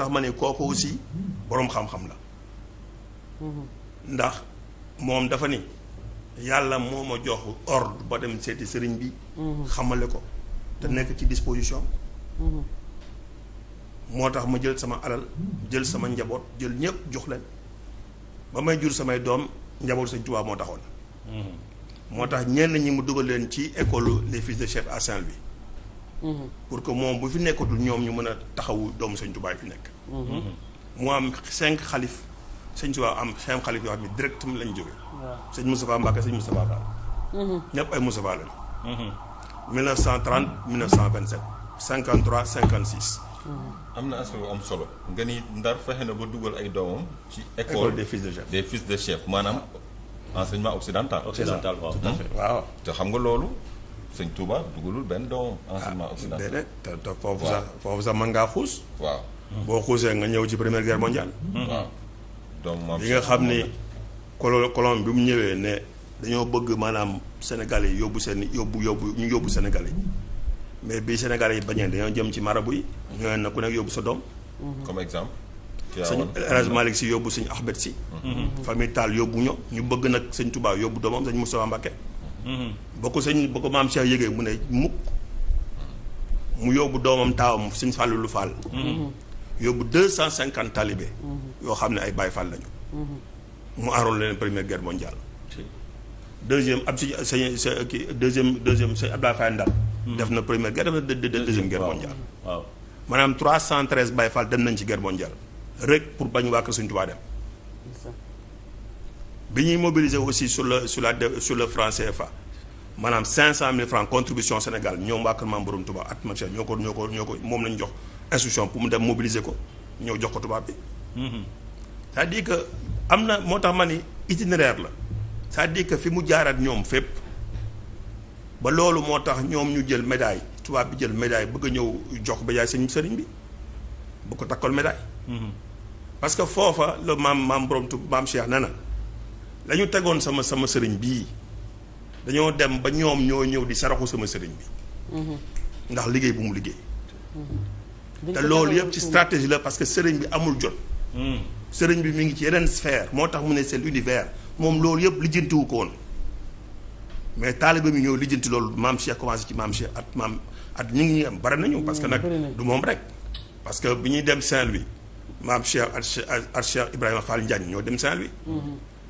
tax ma ne kooku aussi boroom xam-xam la ndax moom dafa ni yàlla moo ma jox ordre ba dem seeti sëriñ bi xamale ko te nekk ci disposition moo tax ma jël sama alal jël sama njaboot jël ñëpp jox leen ba may jur samay doom njaboot Sëñ Tuubaa moo taxoon mm-hmm. moo tax ñenn ñi mu dugal leen ci école les fils de chef à bi pour que moom bu fi nekkatul ñoom ñu mën a taxawu doomu sëñ Tuubaa fi nekk. Mhm. mu am cinq xalif sëñ Tuubaa am cinq xalif yoo xam ne directement lañ jógee. waaw sëñ Moustapha Mbacké sëñ Moustapha Fall. Mhm. ñëpp ay Moustapha lañ. 1930 1927 53 56. am na aspect bu am solo nga ni Ndar fexe na ba dugal ay doomam. ci école des fils de des fils de chef maanaam enseignement occidental. occidental waaw tout à fait mhm. waaw xam nga loolu. sëñ Touba dugalul benn doomu enseignement ah, foofu sax foofu sax mën ngaa xuus boo xuusee nga ñëw ci première guerre mondiale waaw donc li nga xam ni colo colon bi mu ñëwee ne dañoo bëgg maanaam Sénégal yi yóbbu seen yóbbu yóbbu ñu yóbbu Sénégal yi mais bi Sénégal yi bañee dañoo jëm ci marabu yi ñoo na ku nekk yóbbu sa doom mm-hmm. comme exemple sëñ si yóbbu sëñ Ahmed si mm-hmm. famille Tall yóbbu ño ñu bëgg nag sëñ Touba yóbbu doomam sëñ Moustapha Mbacké ba ko sëñ ba ko maam Cheikh yëgee mu ne mukk mu yóbbu doomam taawam sëñ Fallou lu Fall. yóbbu deux cent cinquante talibé. yoo xam ne ay Baye Fall lañu. mu aaroon leen première guerre mondiale. deuxième ab si sa sa kii deuxième deuxième sa Abdoulaye Faye Ndam. Hmm. def na première guerre def na deuxième guerre mondiale. waaw maanaam trois cent treize Baye Fall dem nañ ci guerre mondiale rek pour bañ wàkk Kër Sëñ dem. bi ñuy mobiliser aussi sur le su la sur le franc CFA maanaam mille francs contribution Sénégal ñoom waa Kër Maam Borom Touba at ma ñoo ko ñoo ko ñoo ko moom lañ jox institution pour mu dem mobiliser ko ñëw jox ko tubaab bi. Mm-hmm. cest à que am na moo tax ma ni itinéraire la cest à que fi mu jaaraat ñoom fépp ba loolu moo tax ñoom ñu jël médaille tubaab bi jël médaille bëgg a ñëw jox médaille sëñ sëriñ bi bu ko takkal médaille. Mm-hmm. parce que foofa la maam maam Borom maam Cheikh nee na. lañu tegoon sama sama sëriñ bii dañoo dem ba ñoom ñoo ñëw di saraxu sama sëriñ bi. Mhm. ndax liggéey bu mu liggéey. Mhm. te loolu yëpp ci stratégie la parce que sëriñ bi amul jot. Mhm. sëriñ bi mu ngi ci yeneen sphère moo tax mu ne c'est l'univers moom loolu yëpp lijjantiwu ko woon mais taaliba mi ñëw lijjanti loolu maam Cheikh commencé ci maam Cheikh at maam at ñu ngi am bari nañu. parce que nag du moom rek. parce que bi ñuy dem Saint-Louis maam Cheikh ak Cheikh Ibrahima Fall Njaañ ñoo dem Saint-Louis.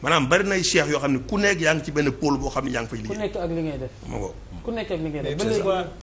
maanaam bari nay yoo xam ne ku nekk yaa ngi ci benn pôle boo xam ne yaa ngi fay liggéey. ku nekk ak li ngay def. ku nekk ak li ngay def.